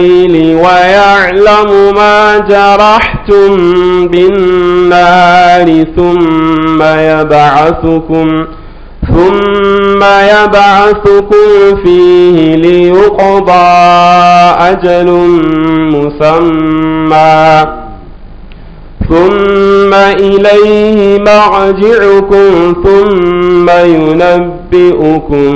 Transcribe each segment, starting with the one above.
الليل ويعلم ما جرحتم بالنار ثم يبعثكم ثم يبعثكم فيه ليقضى أجل مسمى ثم إليه مرجعكم ثم ينبئكم أنبئكم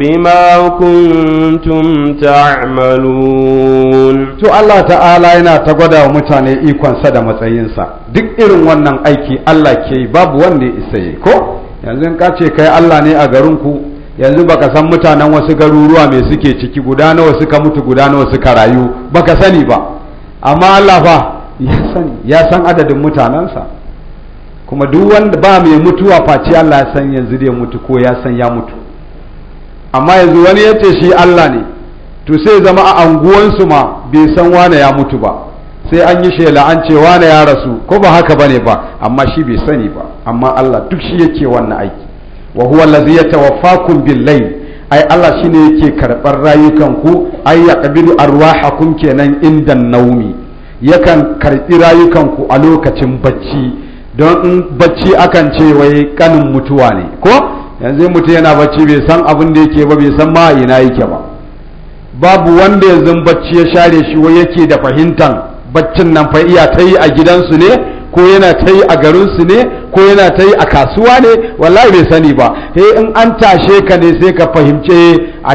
بما كنتم تعملون to Allah ta'ala yana ta gwada wa mutane ikonsa da matsayinsa duk irin wannan aiki Allah ke babu wanda ya isa ko yanzu ka ce kai Allah ne a garinku yanzu baka san mutanen wasu garuruwa me suke ciki guda nawa suka mutu guda nawa suka rayu baka sani ba amma Allah fa ya sani ya san adadin mutanensa kuma duk wanda ba mai mutuwa face Allah ya san yanzu zai mutu ko ya san ya mutu amma yanzu wani ya ce shi Allah ne to sai zama a anguwansu ma bai san wane ya mutu ba sai an yi shela an ce wane ya rasu ko ba haka bane ba amma shi bai sani ba amma Allah duk shi yake wannan aiki wa huwa allazi yatawaffakum bil layl ai Allah shine yake karɓar rayukanku ai ya ƙabilu arwahakum kenan inda naumi yakan karɓi ku a lokacin bacci don bacci akan ce wai kanin mutuwa ne ko yanzu mutu yana bacci bai san abin da yake ba bai san ma ina yake ba babu wanda yanzu bacci ya share shi wai yake da fahimtan baccin nan fa iya ta yi a gidansu ne ko yana ta yi a garinsu ne ko yana ta yi a kasuwa ne wallahi bai sani ba he in an tashe ka ne sai ka fahimce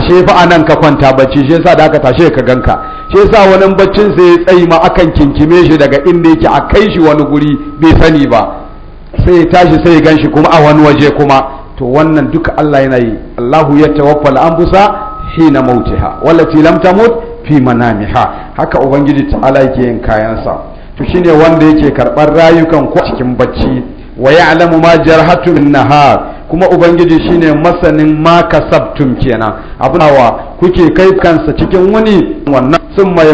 shefa a nan ka kwanta bacci shi yasa da aka tashe ka ganka shi yasa wani baccin sai ya tsayi ma akan kinkime shi daga inda yake a kai shi wani guri bai sani ba sai ya tashi sai ya ganshi kuma a wani waje kuma to wannan duka Allah yana yi Allahu ya tawaffal anfusa hina mautiha wallati lam tamut fi manamiha haka ubangiji ta'ala yake yin kayansa to shine wanda yake karɓar rayukan ko cikin bacci wa ya'lamu ma jarhatu min nahar kuma ubangiji shine masanin ma kasabtum kenan abunawa kuke kai kansa cikin wani wannan sun mai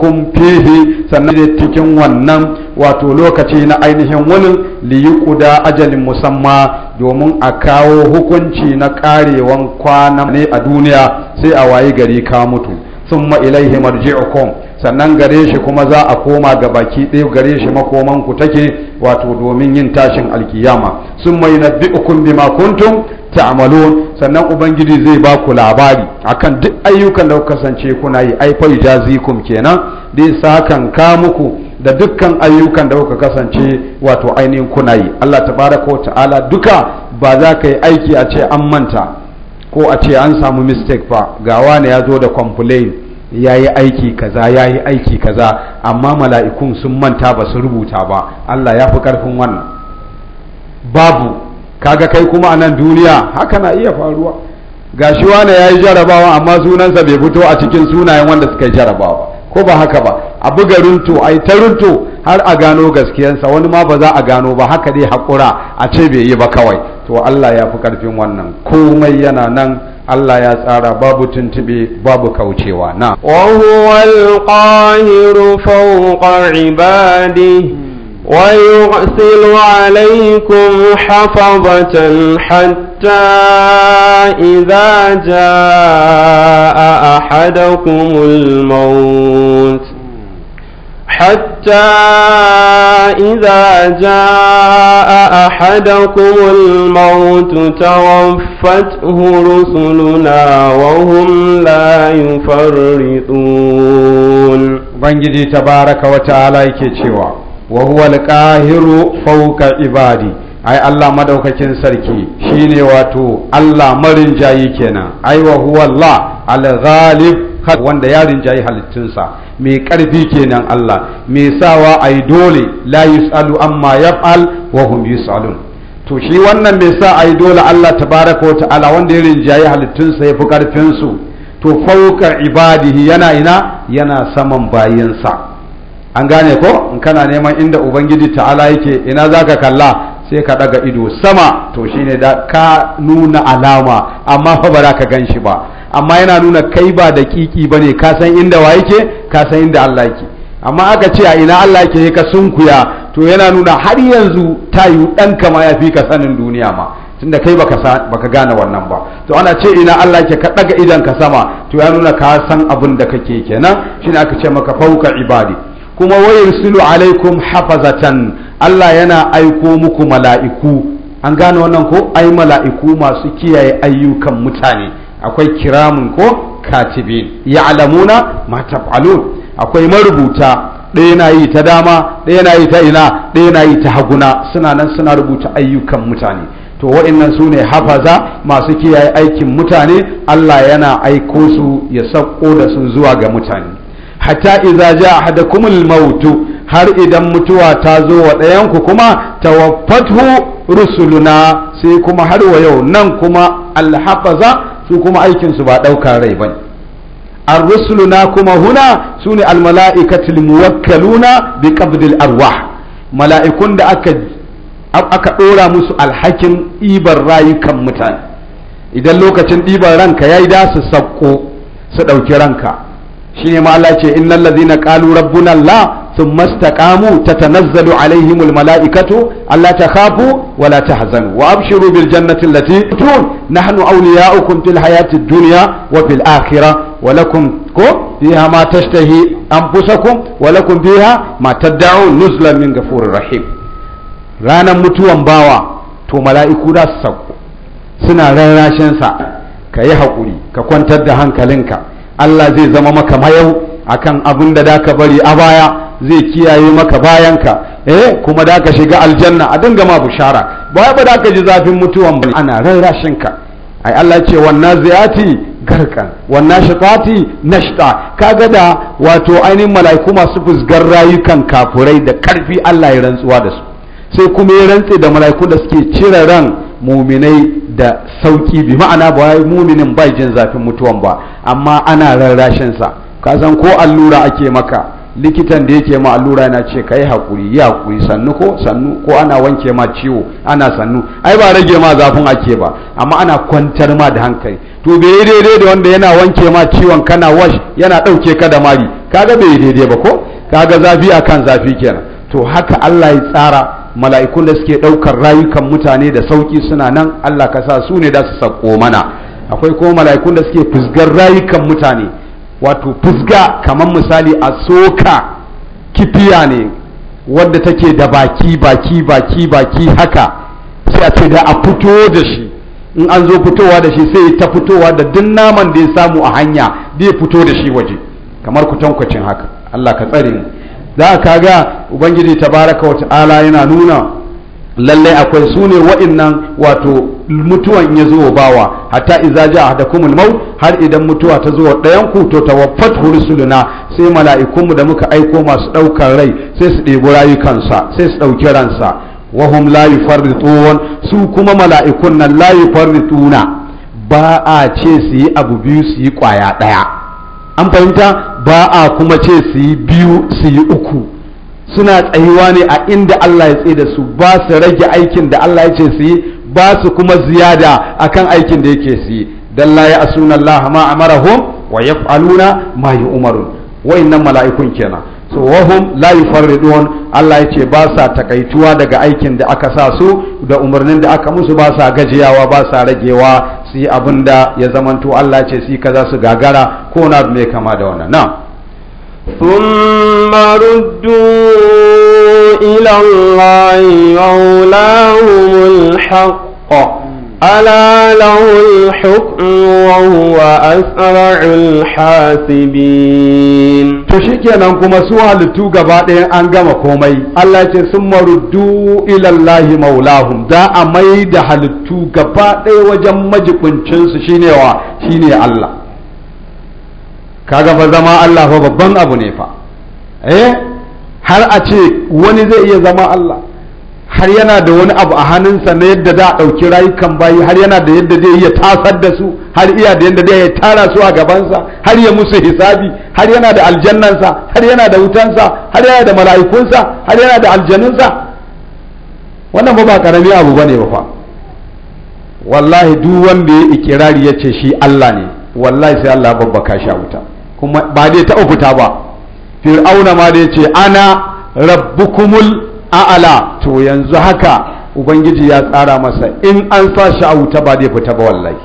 kun fihi sannan cikin wannan wato lokaci na ainihin wani liyukuda ajalin musamma domin a kawo hukunci na karewan kwana ne a duniya sai a wayi gari ka mutu sun summa ilaihi marji'ukum sannan gare shi kuma za a koma ga baki ɗaya gare shi makoman ku take wato domin yin tashin alkiyama sun mai na bi'ukun bima kuntum ta'malun sannan ubangiji zai ba ku labari akan duk ayyukan da kuka kasance kuna yi ai fa jazikum kenan dai sakan ka muku da dukkan ayyukan da kuka kasance wato ainihin kuna yi Allah tabaraka wa ta'ala duka ba za ka yi aiki a ce an manta ko a ce an samu mistake ba ga wani ya zo da complain ya yi aiki kaza ya yi aiki kaza amma mala'ikun sun manta ba su rubuta ba Allah ya fi ƙarfin wannan babu kaga kai kuma a nan duniya haka na iya faruwa shi wane ya yi jarabawa amma sunansa bai fito a cikin sunayen wanda suka yi jarabawa ko ba haka ba a buga runto a yi ta runto har a gano gaskiyansa wani ma ba za a gano ba haka dai haƙura a ce bai yi ba kawai to Allah ya fi ƙarfin wannan komai yana nan Allah ya tsara babu tuntuɓe babu kaucewa na. Wahuwal ƙahiru fawqar ibadi wa yusilu alaikum hafazatan hatta idza jaa ahadakumul maut. حتى إذا جاء أحدكم الموت توفته رسلنا وهم لا يفرطون بنجي تبارك وتعالى كيتشيوا وهو القاهر فوق عبادي ai Allah madaukakin sarki shine wato Allah marin jayi kenan ai wa huwa Allah al-ghalib had wanda ya rinjayi halittunsa mai ƙarfi kenan Allah mai sawa yi dole la yusalu amma yaf'al wa hum yusalun to shi wannan mai sa yi dole Allah ta baraka wa ta'ala wanda ya rinjayi halittunsa ya fi ƙarfinsu su to fauka ibadihi yana ina yana saman bayansa? an gane ko in kana neman inda ubangiji ta'ala yake ina zaka kalla sai ka daga ido sama to shine da ka nuna alama amma fa ba za ka gan shi ba amma yana nuna kai ba da kiki ba ne ka san inda wa yake ka san inda Allah yake amma aka ce a ina Allah yake ka sunkuya to yana nuna har yanzu ta yi ɗanka ma ya fi ka sanin duniya ma tunda kai baka baka gane wannan ba to ana ce ina Allah yake ka daga idan ka sama to ya nuna ka san abin da kake kenan shine aka ce maka fauka ibadi kuma yursilu alaikum hafazatan Allah yana aiko muku mala'iku an gane wannan ko ai mala'iku masu kiyaye ayyukan mutane akwai kiramun ko katibin alamuna mata taf'alun akwai marubuta ɗaya na yi ta dama ɗaya na yi ta ina ɗaya na yi ta haguna suna nan suna rubuta ayyukan mutane to waɗannan su ne hafaza masu kiyaye aikin mutane Allah yana aiko su ya sauko da sun zuwa ga mutane hatta idza hada ahadakumul mautu har idan mutuwa ta zo wa ɗayanku kuma tawaffathu rusuluna sai kuma har wa yau nan kuma alhafaza su kuma aikinsu ba ɗaukar rai ba ne na kuma huna su ne almala'ikatul muwakkaluna bi qabdil arwah mala'ikun da aka aka ɗora musu alhakin ɗiban rayukan mutane idan lokacin ɗiban ranka ya yi da su sakko su ɗauki ranka shine ne Allah ce innal ladhina qalu rabbuna Allah ثم استقاموا تتنزل عليهم الملائكة ألا تخافوا ولا تحزنوا وأبشروا بالجنة التي تون نحن أولياؤكم في الحياة الدنيا وفي الآخرة ولكم فيها ما تشتهي أنفسكم ولكم فيها ما تدعون نزلا من غفور رحيم رانا متوان باوا تو ملائكو دا سوكو سنا رانا شنسا كي حقولي ككوان تدهان كلنكا الله زي زمامك ما يو akan abin da da ka bari a baya zai kiyaye maka bayanka eh kuma da ka shiga aljanna a dinga ma bushara ba ba da ka ji zafin mutuwan ba ana rarrashin ka ai Allah ce wannan ziyati garkan wannan shaqati nashta kaga da wato ainihin mala'iku masu fusgar rayukan kafurai da karfi Allah ya rantsuwa da su sai kuma ya rantse da mala'iku da suke cire ran muminai da sauki bi ma'ana ba muminin bai jin zafin mutuwan ba amma ana rarrashin sa ka san ko allura ake maka likitan da yake ma allura yana ce kai hakuri yi hakuri sannu ko sannu ko ana wanke ma ciwo ana sannu ai ba rage ma zafin ake ba amma ana kwantar ma da hankali to bai daidai da wanda yana wanke ma ciwon kana wash yana ɗauke ka da mari kaga bai daidai ba ko kaga zafi akan zafi kenan to haka Allah ya tsara mala'ikun da suke ɗaukar rayukan mutane da sauki suna nan Allah ka sa su ne da su sako mana akwai kuma mala'ikun da suke fusgar rayukan mutane wato fuska kamar misali a soka kifiya ne wadda take da baki baki baki baki haka sai a ce da a fito da shi in an zo fitowa da shi sai ta fitowa da duk naman da ya samu a hanya zai fito da shi waje kamar kutankwacin haka Allah ka tsare ni za ka ga ubangiji tabaraka wa ta'ala yana nuna lallai akwai sune ne wa'innan wato mutuwan ya zo bawa hatta idza da ahadakumul maut har idan mutuwa ta zo ɗayan ku to tawaffat rusuluna sai mala'ikunmu da muka aiko masu ɗaukar rai sai su ɗebi rayukansa sai su ɗauki ransa hum la yufarritun su kuma mala'ikun nan la yufarrituna ba a ce su yi abu biyu su yi kwaya ɗaya an fahimta ba a kuma ce su yi biyu su yi uku suna tsayuwa ne a inda Allah ya tsaye da su ba su rage aikin da Allah ya ce su yi ba su kuma ziyada akan aikin da yake su yi layi ya asuna Allah ma amarahum wa yaf'aluna ma wa wayannan mala'ikun kenan so wahum la yufarridun Allah yace ba sa takaituwa daga aikin da aka sa su da umarnin da aka musu ba sa gajiyawa ba sa ragewa su yi abin da ya zamanto Allah ce su yi kaza su gagara ko na mai kama da wannan na'am ثم ردوا إلى الله مولاهم الحق ألا له الحكم وهو أسرع الحاسبين to shikenan kuma su halittu gaba ɗaya an gama komai Allah ce sun maruddu ilallahi maulahum za a mai da halittu gaba ɗaya wajen majiƙuncinsu shine wa shine Allah kaga fa zama Allah fa babban abu ne fa eh har a ce wani zai iya zama Allah har yana da wani abu a hannunsa na yadda da a ɗauki rayukan bayi har yana da yadda zai iya tasar da su har iya da yadda zai tara su a gabansa har ya musu hisabi har yana da aljannansa har yana da wutansa har yana da mala'ikunsa har yana da aljanunsa wannan ba ba karami abu bane ba fa wallahi duk wanda ya ikirari ya ce shi Allah ne wallahi sai Allah babbaka shi a wuta kuma ba dai taɓa fita ba fir'auna ma da ce ana rabbukumul a'ala to yanzu haka ubangiji ya tsara masa in an sa shi a wuta ba dai fita ba wallahi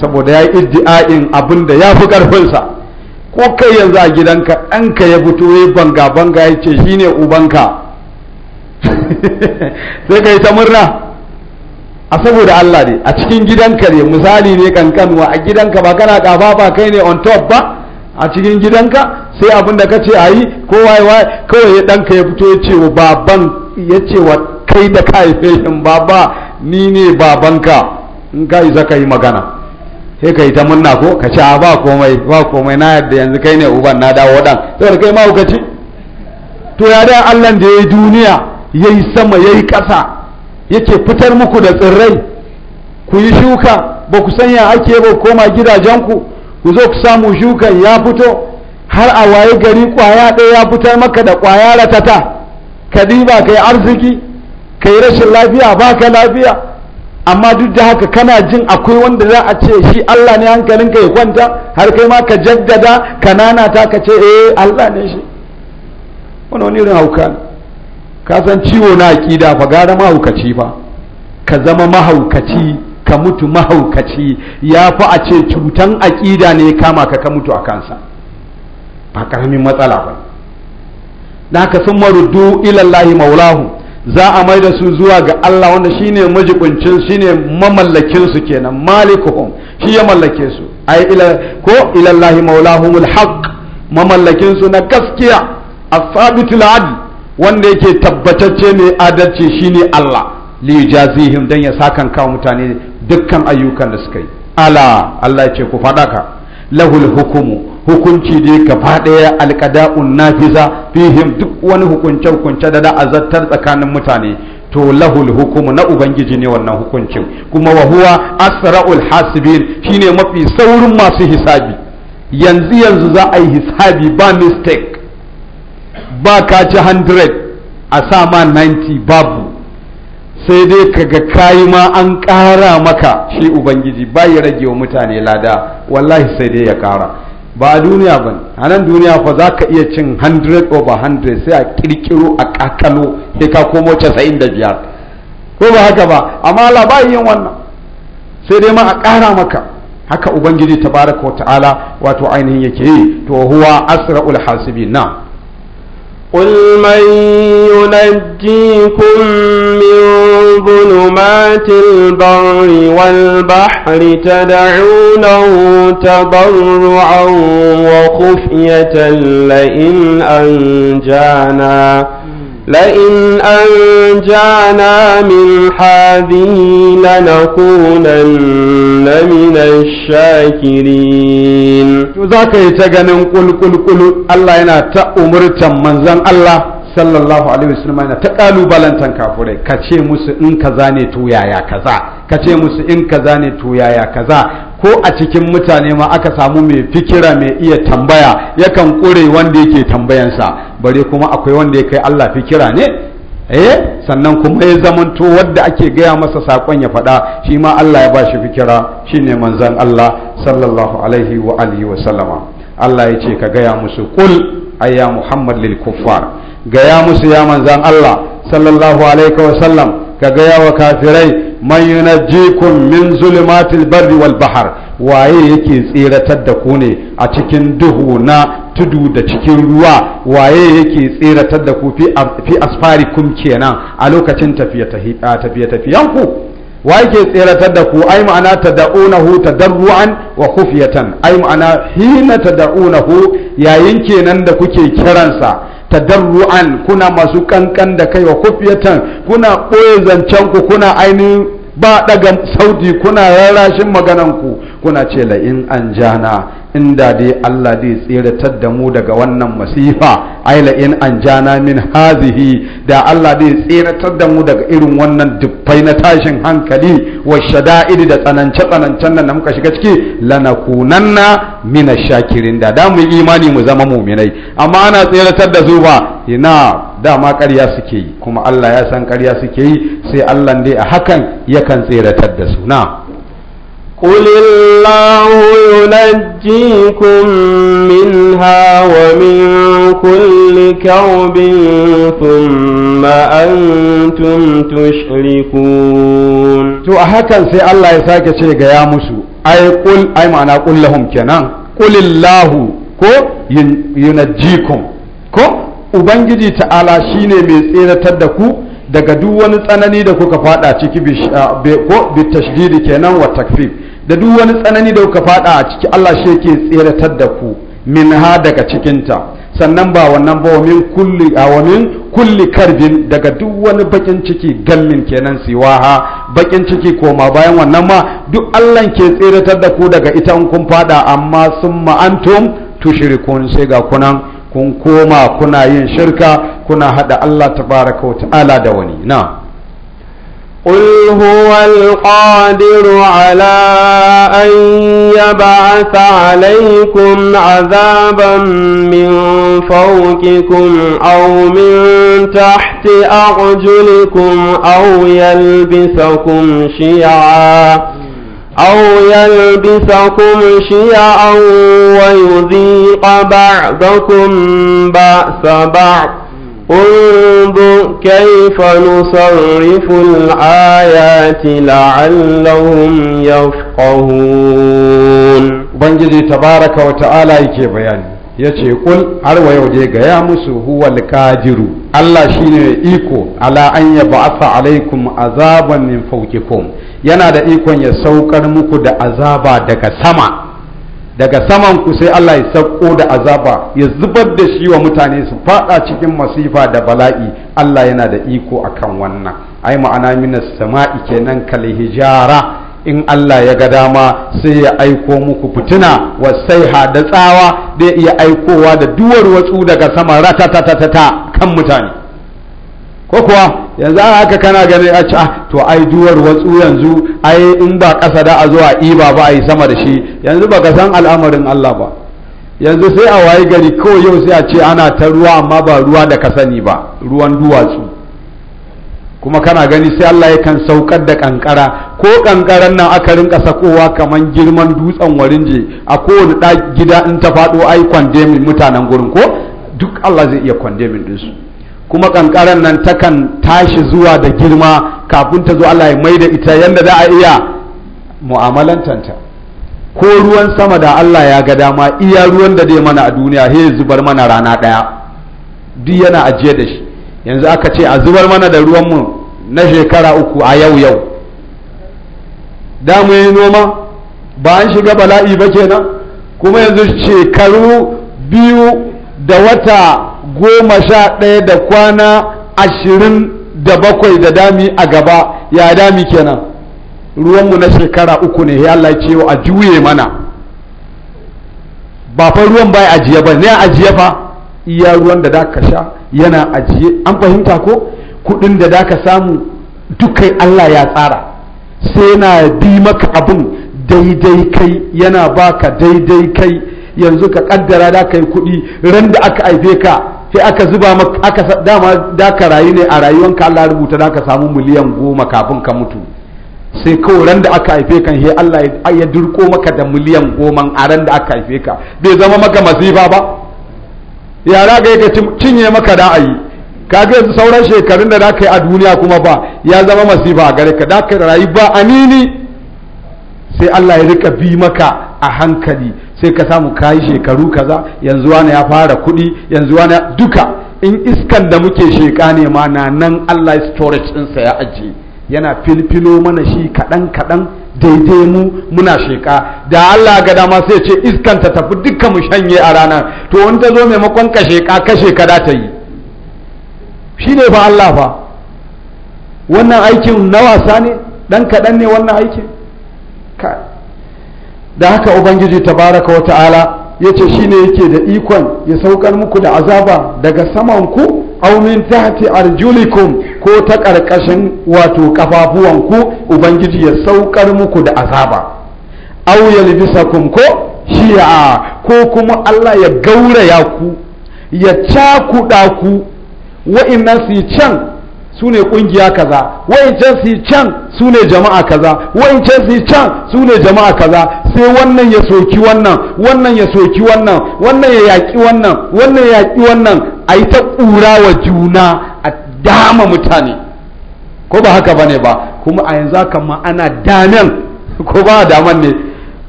saboda ya yi iddi'a'in abin da ya fi ƙarfinsa ko kai yanzu a gidanka ɗanka ya fito ya banga banga ya ce shine ubanka sai ka ta murna a saboda Allah ne a cikin gidanka ne misali ne kankanwa a gidanka ba kana kafa ba kai ne on top ba a cikin gidanka sai abin da ka kace ayi ko wai wai kawai danka ya fito ya ce wa baban ya ce wa kai da ka haife shin baba ni ne babanka in ka isa ka yi magana sai ka yi ta munna ko ka ce ba ba komai na yadda yanzu kai ne uban na dawo dan saboda kai ma to ya da Allah da ya yi duniya ya yi sama ya yi ƙasa yake fitar muku da tsirrai ku yi shuka ba ku sanya ake ba koma gidajenku ku zo ku samu shuka ya fito har a waye gari kwaya ɗaya ya fitar maka da kwaya ratata ka diba ka yi arziki ka yi rashin lafiya ba ka lafiya amma duk da haka kana jin akwai wanda za a ce shi Allah ne hankalinka ya kwanta har kai ma ka jaddada ka ta ka ce eh Allah ne shi wani wani irin hauka ne ka san ciwo na aƙida fa gara mahaukaci fa ka zama mahaukaci ka mutu mahaukaci ya fi a ce cutan aƙida ne kama ka ka mutu a kansa ba ƙaramin matsala ba na ka sun marudu ilallahi maulahu za a mai da su zuwa ga Allah wanda shi majibuncin shi ne mamallakin su kenan malikuhum shi ya mallake su ai ila ko ilallahi maulahu haqq mamallakin su na gaskiya a sabitul adl wanda yake tabbatacce mai adalci shine Allah li yujazihim dan ya sakan kawo mutane dukkan ayyukan da suka yi ala Allah ce ku faɗaka. ka lahul hukumu hukunci dai gaba ɗaya alqada'un nafiza fihim duk wani hukunce hukunce da da azattar tsakanin mutane to lahul hukumu na ubangiji ne wannan hukuncin kuma wa huwa asra'ul hasibin shine mafi saurin masu hisabi yanzu yanzu za a yi hisabi ba mistake ba ka ci 100 a sa ma 90 babu sai dai kaga kayi ma an ƙara maka shi ubangiji ba ya rage wa mutane lada wallahi sai dai ya ƙara ba a duniya ba a nan duniya fa za ka iya cin 100 over 100 sai a kirkiro a kakalo sai ka komo 95 ko ba haka ba amma Allah ba yin wannan sai dai ma a ƙara maka haka ubangiji tabaraka wa ta'ala wato ainihin yake yi to huwa asra'ul hasibin na قل من ينجيكم من ظلمات البر والبحر تدعونه تضرعا وخفية لئن أنجانا لئن أنجانا من هذه لنكونن من الشاكرين ذاك يتغنن قل قل قل الله ينا تأمر تمنزن الله صلى الله عليه وسلم ينا تقالوا بلن ka ce musu إن كزاني ne يا yaya kaza ka ce musu in kaza ne to yaya kaza ko a cikin mutane ma aka samu mai fikira mai iya tambaya yakan kure wanda yake tambayansa bare kuma akwai wanda ya kai Allah fikira ne eh sannan kuma ya zamanto wadda ake gaya masa sakon ya faɗa shi ma Allah ya ba shi fikira shine manzon Allah sallallahu alaihi wa alihi wa sallama Allah ya ce ka gaya musu kul ayya Muhammad lil kuffar gaya musu ya manzan Allah sallallahu alaihi wa sallam ka gaya wa kafirai man yunajjikum min zulumatil barri wal bahr waye yake tsiratar da ku ne a cikin duhu na tudu da cikin ruwa waye yake tseratar da ku fi asfari kun kenan a lokacin tafiye-tafiyenku waye ke tseratar da ku ai ma'ana ta ta darru'an wa khufyatan ai ma'ana hina tad'unahu yayin kenan da kuke kiransa ta darru'an kuna masu kankan da kai wa khufyatan kuna ɓoye zancen ku kuna ainihin ba daga sauti kuna rarrashin magananku kuna ce la in an jana inda dai Allah dai tseratar da mu daga wannan masifa ai la'in in an jana min hazihi da Allah dai tseratar da mu daga irin wannan dubbai na tashin hankali wa shada'id da tsanance tsanancen nan da muka shiga ciki lanakunanna min ashakirin da da mu imani mu zama mu'minai amma ana tseratar da su ba ina dama ƙarya suke yi kuma Allah ya san ƙarya suke yi sai Allah dai a hakan yakan tseratar da su na'am قل الله ينجيكم منها ومن كل كرب ثم أنتم تشركون تو هكذا سي الله يساك شيء يا مسو أي قل أي معنى قل لهم كنا قل الله كو ينجيكم كو Ubangiji ta'ala shi ne mai tseratar da ku daga duk wani tsanani da kuka fada ciki ko bi tashdidi kenan wa takfif da duk wani tsanani da kuka fada a ciki Allah shi yake tseratar da ku min ha daga cikinta sannan ba wannan ba min kulli a kulli karbin daga duk wani bakin ciki gallin kenan siwaha bakin ciki koma bayan wannan ma duk Allah ke tseratar da ku daga ita in kun fada amma summa antum tushrikun sai ga kunan kun koma kuna yin shirka kuna hada Allah tabaraka wa ta'ala da wani na قل هو القادر على أن يبعث عليكم عذابا من فوقكم أو من تحت أرجلكم أو يلبسكم شيعا أو يلبسكم شيعا ويذيق بعضكم بأس بعض انظر كيف نصرف الآيات لعلهم يفقهون بنجي تبارك وتعالى يكي بيان yace kul har wa yau dai gaya musu huwa alkajiru Allah shine iko ala an ba'asa alaikum azaban min yana da ikon ya saukar muku da azaba daga sama daga saman ku sai Allah ya sauko da azaba ya zubar da shi wa mutane su fada cikin masifa da bala'i Allah yana da iko akan wannan ai ma'ana minas sama'i kenan kal hijara in Allah ya ga dama sai ya aiko muku fitina wasaiha da tsawa da iya aikowa da duwar watsu daga sama ratatatata kan mutane ko kuwa yanzu an haka kana gani a ci ah, to ai duwar watsu yanzu ai in ba kasa da a zuwa iba ba a yi sama da shi yanzu baka san al'amarin Allah ba yanzu sai a waye gari ko yau sai a ce ana ta ruwa amma ba ruwa da ka sani ba ruwan duwatsu kuma kana gani sai Allah ya kan saukar da kankara ko kankaran nan aka rinka sakowa kaman girman dutsen warinje a kowane gida in ta faɗo ai kwande mutanen gurin ko duk Allah zai iya kwande min ɗinsu kuma kankaran nan takan tashi zuwa da girma kafin ta zo Allah ya mai da ita yadda za a iya mu'amalantanta ko ruwan sama da Allah ya ga dama iya ruwan da zai mana a duniya he zubar mana rana ɗaya duk yana ajiye da shi yanzu aka ce a zubar mana da ruwan mu na shekara uku a yau yau da mu yi noma ba an shiga bala'i ba kenan kuma yanzu shekaru biyu da wata goma sha ɗaya da kwana ashirin da bakwai da dami a gaba ya dami kenan ruwanmu na shekara uku ne ya Allah a juye mana ba fa ruwan bai ajiye ba ne ajiye fa iya ruwan da daka sha yana ajiye an fahimta ko kudin da daka samu dukai Allah ya tsara sai na bi maka abin daidai kai yana baka daidai kai yanzu ka kaddara da kai kuɗi ran da aka haife ka sai aka zuba maka aka dama da rayu ne a rayuwanka Allah rubuta da ka samu miliyan goma kafin ka mutu sai kawai ran da aka haife kan he Allah ya durko maka da miliyan goma a ran da aka haife ka bai zama maka masifa ba yara ga yake cinye maka da ayi kaga yanzu sauran shekarun da zaka yi a duniya kuma ba ya zama masifa a gare ka da ka rayu ba anini sai Allah ya rika bi maka a hankali sai ka samu kayi shekaru kaza yanzu wani ya fara kudi yanzu wani duka in iskan da muke sheka ne ma na nan Allah storage ɗinsa ya ajiye yana filfilo mana shi kaɗan kaɗan daidai mu muna sheka da Allah ga dama sai ce iskan ta tafi duka mu shanye a rana to in ta zo maimakon ka sheka ka sheka ta yi shi ne ba Allah fa wannan aikin na wasa ne ɗan kaɗan ne wannan aikin da haka ubangiji tabaraka wa ta'ala ya ce shi ne yake da ikon ya saukar muku da azaba daga samanku aumin tahti arjulikum ko ta ƙarƙashin wato ƙafafuwanku ubangiji ya saukar muku da azaba au yalbisakum ko shi'a ko kuma Allah ya gauraya ku ya cakuɗa ku wa'innan su can su ne ƙungiya kaza wa'incan su can su jama'a kaza wa'incan su can su jama'a kaza sai wannan ya soki wannan wannan ya soki wannan wannan ya yaƙi wannan wannan ya yaƙi wannan a yi ta ƙura wa juna a dama mutane ko ba haka bane ba kuma a yanzu haka ma ana damen ko ba a daman ne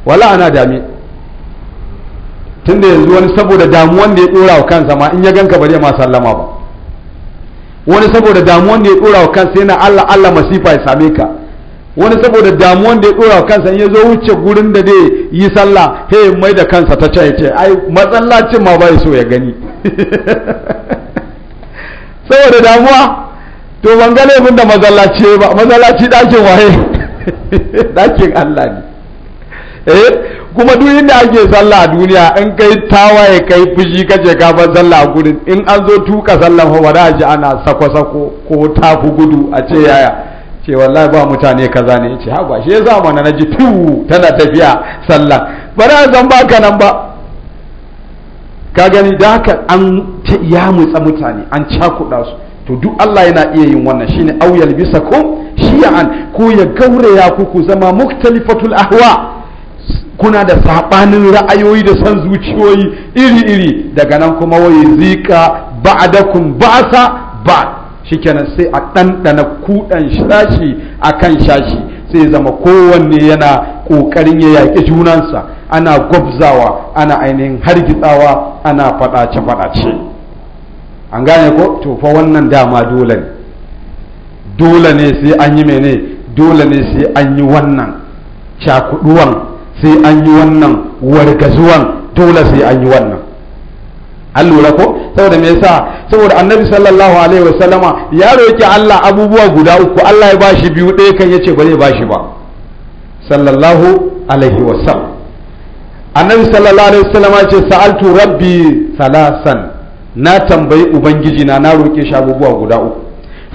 wala ana dame tunda yanzu wani saboda damuwan da ya ɗora wa kansa ma in ya ganka bari zai ma sallama ba wani saboda damuwan da ya ɗora wa kansa yana Allah Allah masifa ya same ka wani saboda damuwan da ya dora kansa ya zo wuce gurin da zai yi sallah he mai da kansa ta ce ce ai matsalacin ma bai so ya gani saboda damuwa to ban ga mun da mazallaci ba mazallaci dakin waye dakin Allah ne eh kuma duk inda ake sallah a duniya in kai tawaye kai fushi kace ka bar sallah a gurin in an zo tuka sallah fa ba ji ana sako sako ko tafi gudu a ce yaya ce wallahi ba mutane kaza ne ce haba shi ya na ji tuwu tana tafiya sallah a zan ka nan ba ka gani da haka an ya mutsa mutane an cakuɗa su to duk Allah yana iya yin wannan Shi ne auyal bisa ko shi'an ko ya gauraya ku ku zama muktalifatul ahwa kuna da saɓanin ra'ayoyi da san zuciyoyi iri-iri daga nan kuma wai zika ba'dakum ba'sa ba? shikenan sai a ɗanɗana kuɗan shashi a kan shashi sai zama kowanne yana ƙoƙarin ya yaƙi junansa ana gwabzawa ana ainihin hargitsawa ana faɗace-faɗace an gane ko to fa wannan dama dole ne dole ne sai an yi mene dole ne sai an yi wannan cakuduwan sai an yi wannan wargazuwan dole sai an yi wannan an lura ko saboda me yasa saboda annabi sallallahu alaihi wasallama ya roki Allah abubuwa guda uku Allah ya bashi biyu ɗaya kan yace ba zai bashi ba sallallahu alaihi wasallam annabi sallallahu alaihi wasallama ya ce sa'altu rabbi salasan na tambayi ubangiji na na roke shi abubuwa guda uku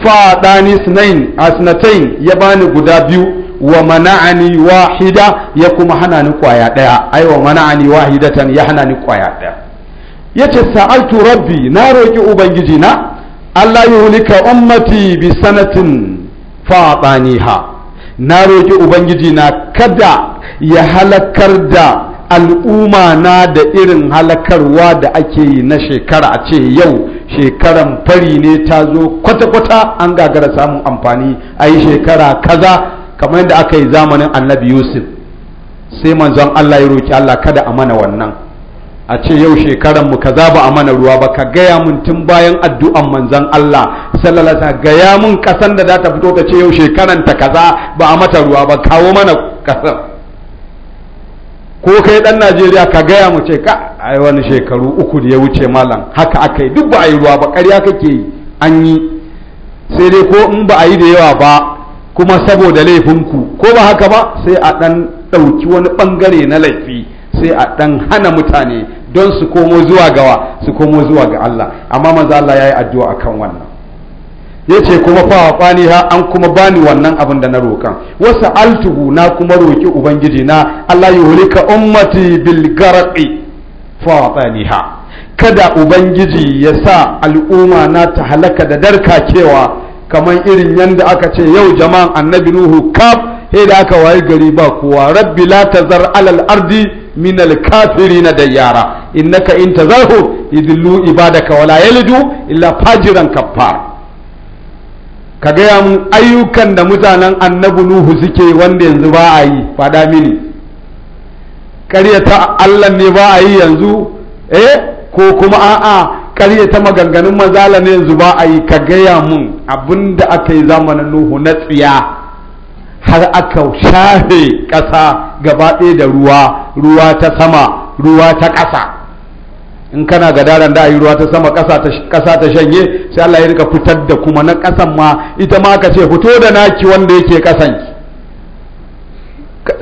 fa dani sunain asnatain ya bani guda biyu wa mana'ani wahida ya kuma hana ni kwaya daya aiwa wa mana'ani wahidatan ya hana ni kwaya daya yace sa'altu rabbi na roƙi ubangiji na Allah ka ummati bi sanatin fa na roƙi ubangiji na kada ya halakar da al'umma na da irin halakarwa da ake yi na shekara a ce yau shekaran fari ne ta zo kwata-kwata an gagara samun amfani a yi shekara kaza kamar yadda aka yi zamanin annabi yusuf sai manzon allah ya roki allah kada a mana wannan a ce yau shekaran mu kaza ba a mana ruwa ba ka gaya mun tun bayan addu'an manzon Allah sallallahu alaihi wasallam gaya mun kasan da za ta fito ta ce yau shekaran ta kaza ba a mata ruwa ba kawo mana kasan ko kai dan Najeriya ka gaya mu ce ka ai wani shekaru uku da ya wuce malam haka aka yi duk ba a yi ruwa ba ƙarya kake yi an yi sai dai ko in ba a yi da yawa ba kuma saboda laifin ku ko ba haka ba sai a dan ɗauki wani ɓangare na laifi sai a dan hana mutane don su komo zuwa gawa su komo zuwa ga Allah amma manzo Allah yayi addu'a akan wannan yace kuma fa kwani ha an kuma bani wannan abin da na roƙan wasa altuhu na kuma roƙi ubangiji na Allah yuhlika ummati bil garqi fa kwani ha kada ubangiji ya sa al'umma na ta halaka da darkakewa kamar irin yanda aka ce yau jama'an annabi nuhu kaf sai da aka wayi gari ba kowa rabbi la tazar alal ardi mina min alkafirina dayyara innaka in tazahu yidillu ibadaka wala yalidu illa fajiran kaffar ka gaya mu ayyukan da mutanen annabi nuhu suke wanda yanzu ba yi fada mini ƙaryata allah ne ba yi yanzu eh ko kuma a'a karyata maganganun mazala ne yanzu ba yi ka gaya mun abinda aka yi zamanin nuhu na tsiya har aka shafe ƙasa gaba da ruwa ruwa ta sama ruwa ta ƙasa in kana gadaran da yi ruwa ta sama ƙasa ta shanye sai Allah ya rika fitar da kuma na ƙasan ma ita ma ka ce fito da naki wanda yake ƙasan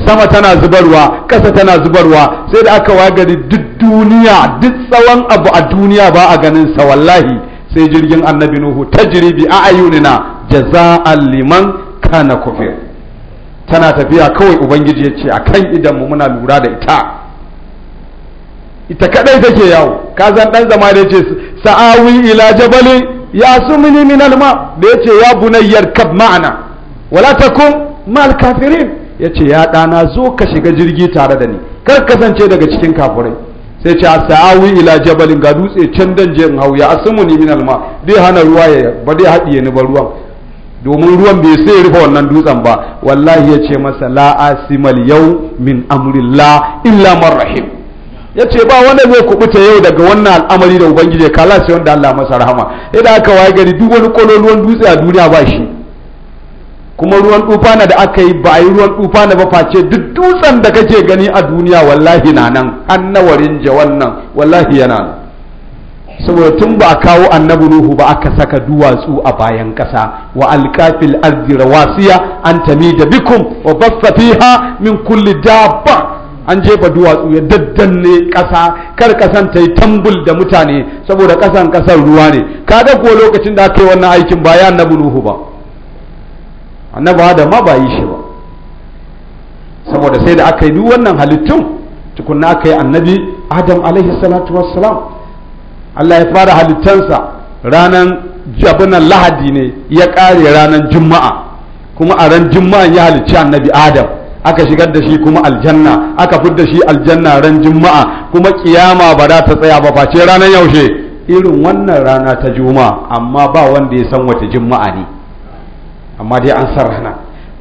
sama tana zubarwa ƙasa tana zubarwa sai da aka wagari duk duniya duk tsawon abu a duniya ba a ganin sa wallahi sai jirgin annabi nuhu tajribi a ayunina jaza'an liman kana kufir tana tafiya kawai ubangiji ya ce a kan idanmu muna lura da ita ita kadai take yawo ka ɗan dan zama da ce sa'awi ila jabali ya mini min alma da ya ce ya bunayyar kab ma'ana wala kun mal kafirin yace ya ɗana zo ka shiga jirgi tare da ni kar kasance daga cikin kafirai sai ce sa'awi ila jabalin ga dutse can dan je in hau ya asumuni min alma bai hana ruwa ya ba dai haɗiye ni ba ruwan domin ruwan bai sai rufe wannan dutsen ba wallahi ya ce masa la'asimal yau min amrillah illa man rahim ya ce ba wanda zai kubuta yau daga wannan al'amari da ubangiji ya kala wanda Allah masa rahama idan aka waye gari duk wani kololuwan dutse a duniya ba shi kuma ruwan tufana da aka yi ba a yi ruwan tufana ba face duk dutsen da kake gani a duniya wallahi na nan annawarin jawan nan wallahi yana nan saboda tun ba a kawo annabi nuhu ba aka saka duwatsu a bayan ƙasa wa alkafil ardi rawasiya an da bikum wa fi fiha min kulli dabba an jefa duwatsu ya daddanne ƙasa kar ƙasan ta yi tambul da mutane saboda ƙasan ƙasar ruwa ne ka da lokacin da aka yi wannan aikin ba ya annabi nuhu ba annabi adam ma ba yi shi ba saboda sai da aka yi duk wannan halittun tukunna aka yi annabi adam alaihi salatu wassalam Allah ya fara halittansa ranan jabunan lahadi ne ya ƙare ranan juma'a kuma a ran juma'a ya halicci annabi adam aka shigar da shi kuma aljanna aka fidda shi aljanna ran juma'a kuma kiyama ba za ta tsaya ba face ranar yaushe irin wannan rana ta juma'a amma ba wanda ya san wata juma'a ne amma dai an san rana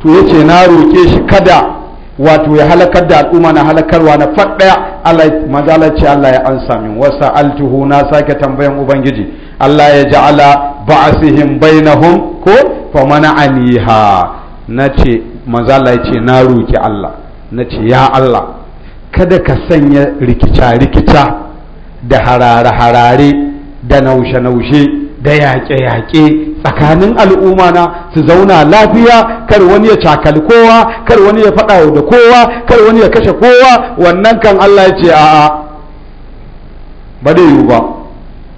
to yace na roke shi kada wato ya halakar da al'umma na halakarwa na faɗaya Allah mazalaci Allah ya ansa min wasa altuhu na sake tambayan ubangiji Allah ya ja'ala ba'asihim bainahum ko fa mana'aniha nace mazala ce na roki Allah nace ya Allah kada ka sanya rikica rikica da harare harare da naushe naushe da yaƙe-yaƙe tsakanin al'umma na su zauna lafiya kar wani ya cakal kowa kar wani ya faɗa da kowa kar wani ya kashe kowa wannan kan Allah ya ce a'a ba da yiwu ba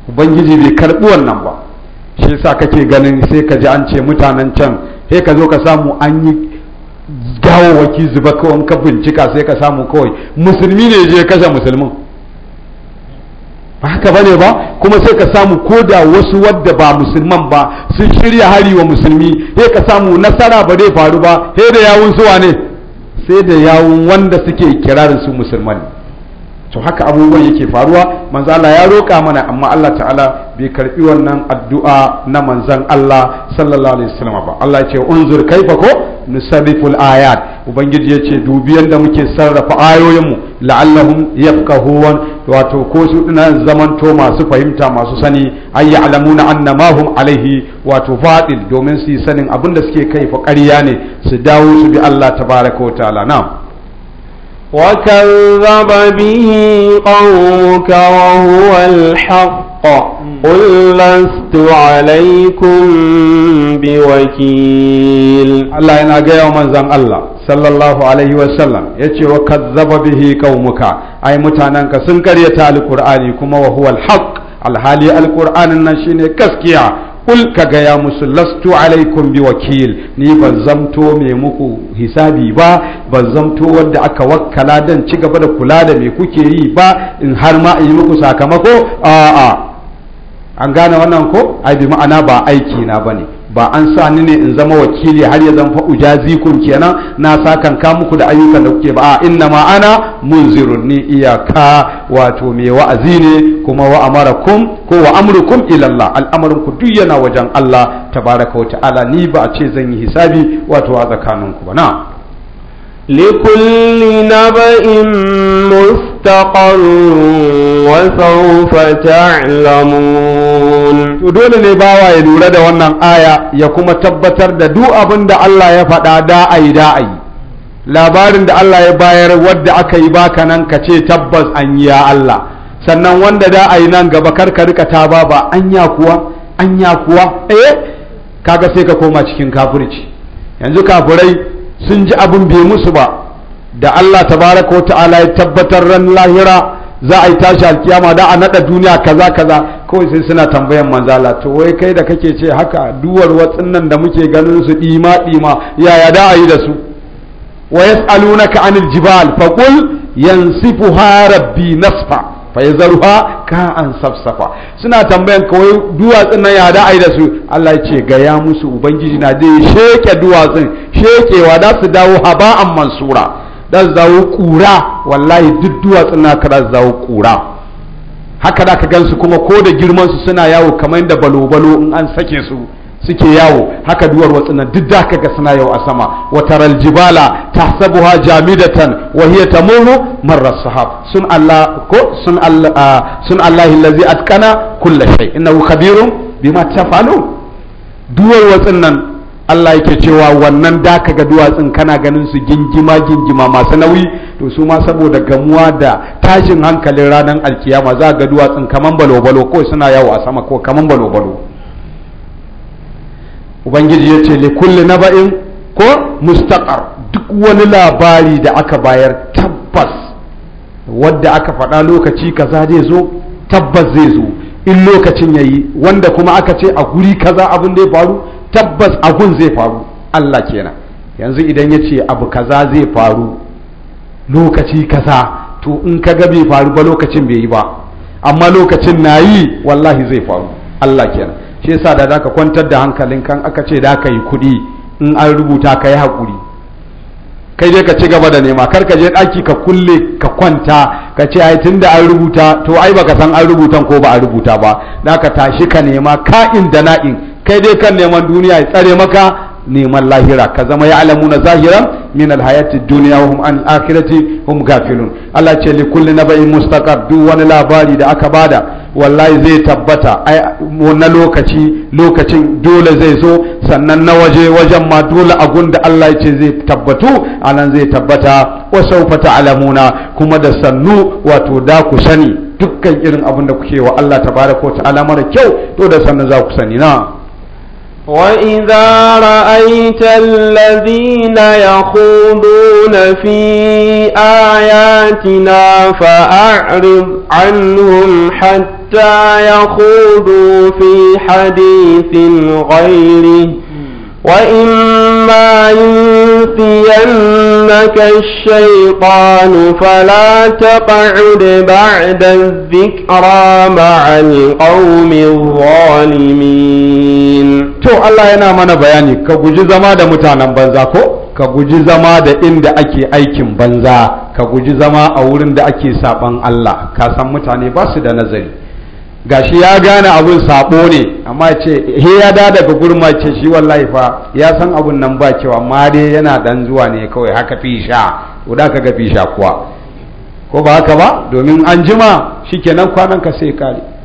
ubangiji bai karɓi wannan ba shi yasa kake ganin sai ka ji an ce mutanen can sai ka zo ka samu an yi gawawaki zuba kawai ka bincika sai ka samu kawai musulmi ne je kashe musulmin ba haka bane ba kuma sai ka samu ko da wasu wadda ba musulman ba sun shirya hari wa musulmi sai ka samu nasara ba zai faru ba sai da yawun suwa ne sai da yawun wanda suke kirarin su musulman to haka abubuwan yake faruwa manzo Allah ya roƙa mana amma Allah ta'ala bai karbi wannan addu'a na manzon Allah sallallahu alaihi wasallam ba Allah ya ce unzur kaifa ko nusarriful ayat ubangiji ya ce dubi muke sarrafa ayoyinmu la'allahum yafqahun wato ko su dina zamanto masu fahimta masu sani ay ya'lamuna anna ma hum alaihi wato fadil domin su yi sanin abinda suke kai fa ƙarya ne su dawo su bi Allah tabaraka wa ta'ala na'am وكذب به قومك وهو الحق قل لست عليكم بوكيل الله ينا غير من زن الله صلى الله عليه وسلم يتي وكذب به قومك أي متاننك سنكر يتالي القرآن كما وهو الحق alhali alkur'anin nan shine gaskiya kul ka gaya musu lastu alaikum bi wakil ni ban zamto mai muku hisabi ba ban zamto wanda aka wakkala dan ci gaba da kula da me kuke yi ba in har ma yi muku sakamako a'a an gane wannan ko ai bi ma'ana ba aiki na bane ba an sa ni ne in zama wakili har ya zan fa'u kun kenan na sa ka muku da ayyukan da kuke ba a inna ma ana munzirun ni iyaka wato mai wa'azi ne kuma wa amarakum ko wa amrukum ila Allah al'amarin ku duk yana wajen Allah tabaraka wa ta'ala ni ba a ce zan yi hisabi wato a tsakaninku ba na لكل نبأ مستقر وسوف تعلمون dole ne bawa ya lura da wannan aya ya kuma tabbatar da duk abin da Allah ya faɗa da ayi da ayi labarin da Allah ya bayar wadda aka yi baka nan ka ce tabbas an yi ya Allah sannan wanda da ayi nan gaba kar ka rika ta ba ba anya kuwa anya kuwa eh kaga sai ka koma cikin kafirci yanzu kafirai sun ji abin bai musu ba da Allah tabaraka wa ta'ala ya tabbatar ran lahira za a yi tashi alkiyama da a nada duniya kaza kaza kawai sai suna tambayan manzala to wai kai da kake ce haka duwar watsin nan da muke ganin su dima dima yaya da a yi da su wa yas'alunaka anil jibal faqul yansifuha rabbi nasfa fa ka an safsafa suna tambayan kawai duwatsun nan ya da ai da su Allah ya ce ga musu ubangiji na zai sheke duwatsun shekewa da su dawo an mansura da su kura wallahi duk duwatsun na kada su kura haka da ka gansu kuma ko da girman su suna yawo kamar da balo balo in an sake su suke yawo haka duwar nan duk da kaga suna yau a sama wa taral jibala tahsabuha jamidatan wa hiya tamuru marra sahab sun Allah ko sun Allah ah, sun Allah allazi atqana kull shay innahu khabirun bima tafalun duwar nan Allah yake cewa wannan da kaga duwatsin kana ganin su gingima gingima masu nauyi to su ma saboda gamuwa da tashin hankalin ranar alkiyama za ga duwatsin kaman balo-balo ko suna yawo a sama ko kaman balo-balo ubangiji ya ce li kulli naba'in ko mustaqar duk wani labari da aka bayar tabbas wadda aka faɗa lokaci kaza zai zo tabbas zai zo in lokacin yayi wanda kuma aka ce a guri kaza abin da ya faru tabbas abun zai faru Allah kenan yanzu idan ya ce abu kaza zai faru lokaci kaza to in ka ga bai faru ba lokacin bai yi ba amma lokacin na yi wallahi zai faru Allah kenan shi yasa da zaka kwantar da hankalin kan aka ce da ka yi kuɗi in an rubuta ka yi haƙuri kai dai ka ci gaba da nema kar ka je ɗaki ka kulle ka kwanta ka ce ai tun da an rubuta to ai baka san an rubutan ko ba a rubuta ba da ka tashi ka nema ka'in da na'in kai dai kan neman duniya ya tsare maka neman lahira ka zama ya alamu na zahiran min alhayati duniya hum an akhirati hum gafilun Allah ce li kulli naba'in mustaqar duk wani labari da aka bada wallahi zai tabbata ai na lokaci lokacin dole zai zo sannan na waje wajen ma dole a da Allah ce zai tabbatu anan zai tabbata wa sawfa ta'lamuna kuma da sannu wato da ku sani dukkan irin abin da kuke wa Allah tabaraka wa ta'ala mara kyau to da sannan za ku sani na وإذا رأيت الذين يخوضون في آياتنا فأعرض عنهم حتى يخوضوا في حديث غيره وإما إما ينسينك الشيطان فلا تقعد بعد الذكرى مع القوم الظالمين to Allah yana mana bayani ka guji zama da mutanen banza ko ka guji zama da inda ake aikin banza ka guji zama a wurin da ake saban Allah kasan mutane basu da nazari gashi ya gane abun sabo ne amma ce he ya da daga gurma ce shi wallahi fa ya san abun nan ba cewa amma dai yana dan zuwa ne kawai haka fisha ko da ka ga fisha kuwa ko ba haka ba domin an jima shikenan kwanan ka sai kare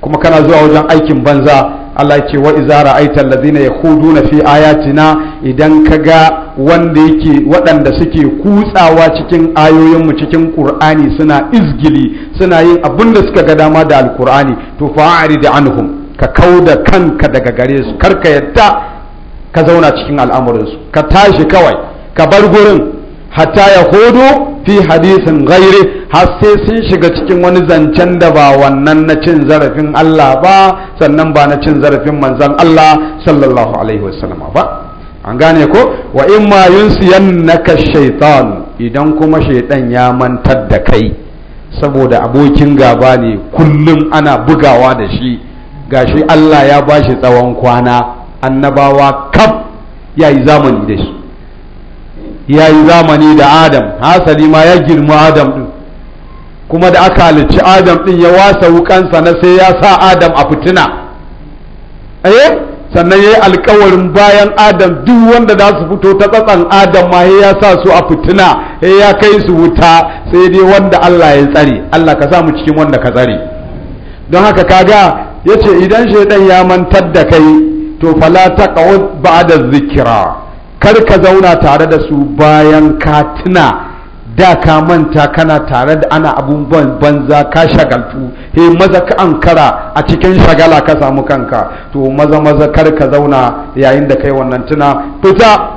kuma kana zuwa wajen aikin banza Allah ce wa iza ra'aita allazina yakhuduna fi ayatina idan kaga wanda yake waɗanda suke kutsawa cikin ayoyinmu cikin Qur'ani suna izgili suna yin abinda suka ga dama da alkur'ani to fa'ari da anhum ka kauda kanka daga gare su karka yadda ka zauna cikin al'amuransu ka tashi kawai ka bar gurin hatta ya hudu fi hadisin gairi har sai sun shiga cikin wani zancen da ba wannan na cin zarafin Allah ba sannan ba na cin zarafin manzan Allah sallallahu alaihi wasallama ba an gane ko wa in ma naka shaitan idan kuma shaitan ya mantar da kai saboda abokin gaba ne kullum ana bugawa da shi gashi Allah ya bashi tsawon kwana annabawa kaf yayi zamani da shi ya yi zamani da adam hasali ma ya girma adam din kuma da aka halicci adam ɗin ya wasa wukansa na sai ya sa adam a fitina eh sannan ya yi alkawarin bayan adam duk wanda za su fito ta tsatsan adam ma ya sa su a fitina ya kai su wuta sai dai wanda Allah ya tsare Allah ka sa mu cikin wanda ka tsare don haka kaga yace idan shaidan ya mantar da kai to fala taqawd ba'da zikira. kar ka zauna tare da su bayan ka tuna da ka manta kana tare da ana abubuwan banza ka shagaltu he maza ka ankara a cikin shagala ka samu kanka to maza maza kar ka zauna yayin da kai wannan tuna fita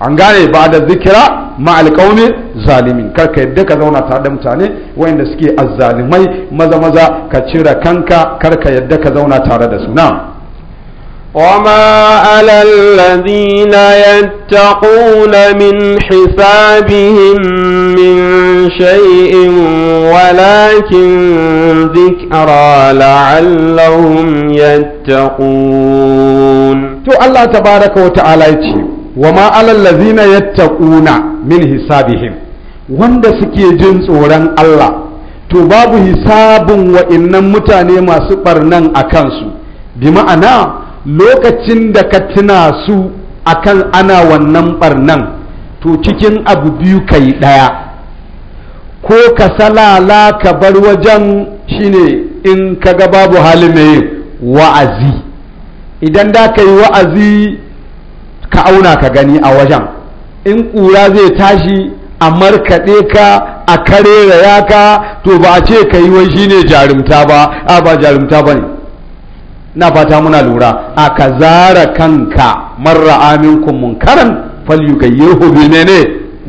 an gane ba da zikira ma alƙaunin zalimin karka yadda ka zauna tare da mutane wayanda suke azzalimai maza maza ka cire kanka karka yadda ka zauna tare da su na وما على الذين يتقون من حسابهم من شيء ولكن ذكرى لعلهم يتقون تو الله تبارك وتعالى وما على الذين يتقون من حسابهم وند سكي جنس ورن الله تو باب حساب وإنم متاني ما barnan a بمعنى lokacin da ka tuna su akan ana wannan barnan to cikin abu biyu ka yi ɗaya ko ka salala ka bar wajen shine in ka ga babu hali mai wa'azi idan da ka yi wa'azi ka auna ka gani a wajen in ƙura zai tashi a markaɗe ka a kare ka to ba a ce ka yi wai shine jarumta ba a ba jarumta ba ne na fata muna lura a ka zara kanka marra aminkum munkaran falyughayyirhu da mene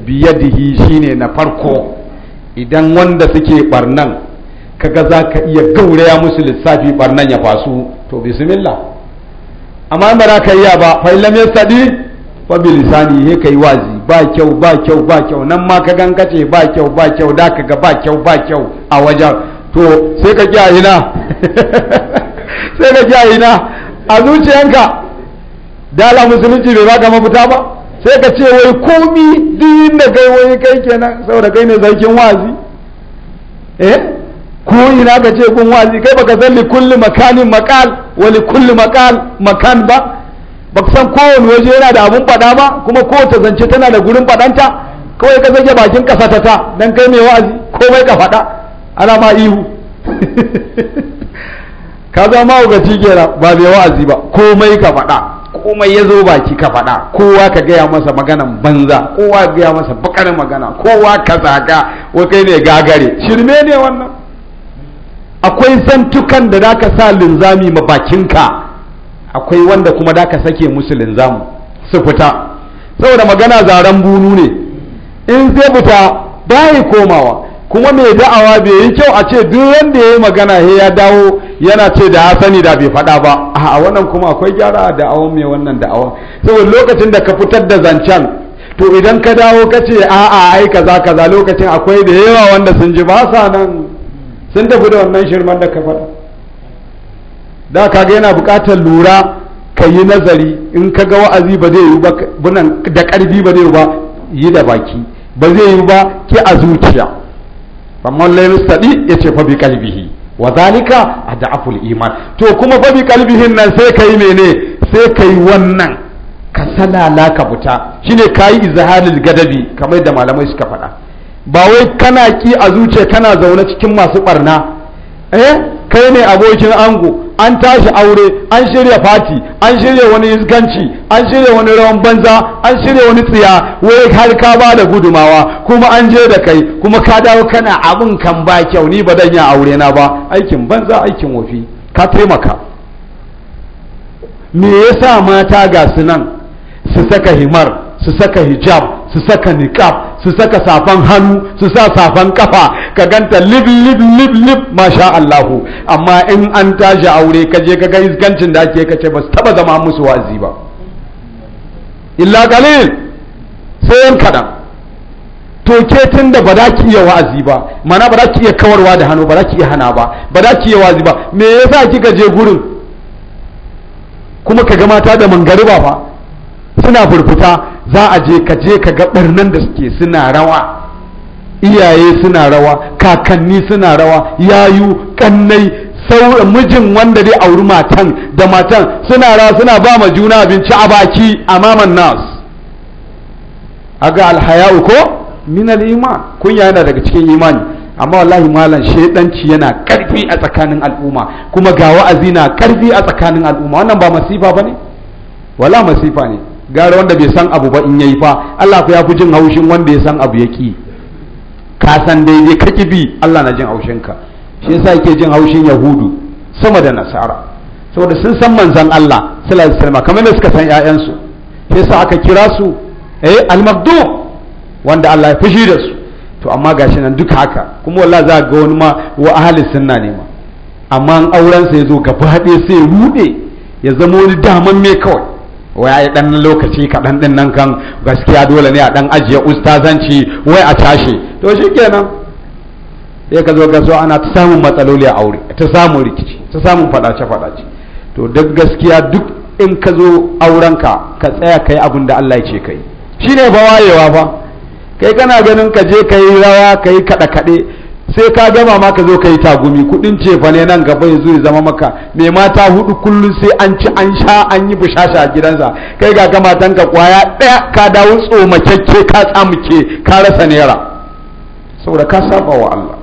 biyadihi ne na farko idan wanda suke barnan kaga za ka iya gauraya musu lissafi barnan ya fasu to bismillah amma ba za ka iya ba fa illam sadi fa bi lisani he kai wazi ba kyau ba kyau ba kyau nan ma ka gan kace ba kyau ba kyau da ka ga ba kyau ba kyau a wajen to sai ka kiyaye na sai ka kiyaye na a zuciyanka dala musulunci bai baka mafita ba sai ka ce wai komi din da kai wai kai kenan saboda kai ne zarkin wazi eh ko ina ka ce kun wazi kai baka san li kulli makanin makal wa li kulli makal makan ba baka san kowane waje yana da abun fada ba kuma ta zance tana da gurin fadanta kawai ka zage bakin kasatata ta dan kai mai wa'azi komai ka fada ana ma ihu ka zama mahaukaci kenan ba mai wa'azi ba komai ka faɗa komai ya zo baki ka faɗa kowa ka gaya masa maganan banza kowa ka gaya masa bakarin magana kowa ka zaga wa kai ne gagare shirme ne wannan akwai zantukan da ka sa linzami ma bakinka akwai wanda kuma da ka sake musu linzamu su fita saboda magana zaren bunu ne in zai fita bai komawa kuma mai da'awa bai yi kyau a ce duk wanda ya yi magana ya dawo yana ce da ya sani da bai faɗa ba a wannan kuma akwai gyara a awon mai wannan awon saboda lokacin da ka fitar da zancen to idan ka dawo ka ce a'a ai kaza kaza lokacin akwai da yawa wanda sun ji ba sa nan sun tafi da wannan shirman da ka faɗa da kaga yana bukatar lura ka yi nazari in ka ga wa'azi ba zai yi ba bunan da ƙarfi ba zai yi ba yi da baki ba zai yi ba ki a zuciya amma lai mustadi ya ce fa bi qalbihi wa zalika aful iman to kuma fabi kalbihin nan sai kai mene sai kai wannan ka salala ka buta shine kayi izharil gadabi kamar da malamai suka faɗa ba wai kana ki a zuciya kana zaune cikin masu barna eh kai ne abokin ango an tashi aure an shirya fati an shirya wani iskanci an shirya wani rawan banza an shirya wani tsiya wai har ka ba da gudumawa kuma an je da kai kuma ka dawo kana abin kan ba kyau ni ba dan ya aure na ba aikin banza aikin wafi ka taimaka me yasa mata ga su nan su saka himar su saka hijab su saka niqab su saka safan hannu su sa safan kafa ka ganta lib lib lib lib masha Allahu amma in an tashi aure ka je ka ga iskancin da ake kace ba su taba zama musu wazi ba illa qalil sai yan kadan to ke tunda da ba za ki iya wa'azi ba mana ba za ki iya kawarwa da hannu ba za ki iya hana ba ba za ki iya wa'azi ba me yasa kika je gurin kuma ka ga mata da mangariba fa suna furfuta za a je ka je ka ga nan da suke suna rawa iyaye suna rawa kakanni suna rawa yayu kannai mijin wanda dai auri matan da matan suna rawa suna ba ma juna abinci a baki a maman nas aga alhaya'u ko minal iman kunya yana daga cikin imani amma wallahi malam shaidanci yana karfi a tsakanin al'umma kuma ga wa'azi na karfi a tsakanin al'umma wannan ba masifa bane wala masifa ne gara wanda bai san abu ba in yayi fa Allah ku ya fi jin haushin wanda ya san abu ya ki ka san daidai ka bi Allah na jin haushin ka shi yasa yake jin haushin yahudu sama da nasara saboda sun san manzon Allah sallallahu alaihi wasallam kamar da suka san ƴaƴansu shi yasa aka kira su eh al-maghdub wanda Allah ya fushi da su to amma gashi nan duka haka kuma wallahi za ga wani ma wa ahli sunna ne ma amma an auren sa yazo gaba ɗaya sai ya rude ya zama wani daman me kawai wai ya dan lokaci kaɗan ɗin nan kan gaskiya dole ne a ɗan ajiye ustazanci wai a tashi to shi kenan sai ka zo ga so ana ta samun matsaloli a aure ta samun rikici ta samun faɗace faɗace to duk gaskiya duk in ka zo aurenka ka tsaya ka yi abin da Allah ya ce ka yi shi ba wayewa ba kai kana ganin ka je ka yi rawa ka yi kaɗe-kaɗe sai ka gama ma ka zo ka yi tagumi kudin ne nan gaba ya zo ya zama maka mai mata hudu kullum sai an ci an sha an yi bushasha a gidansa kai ga gama ka kwaya ɗaya ka dawo tsomakekke ka tsamuke ka rasa naira saboda ka saba wa Allah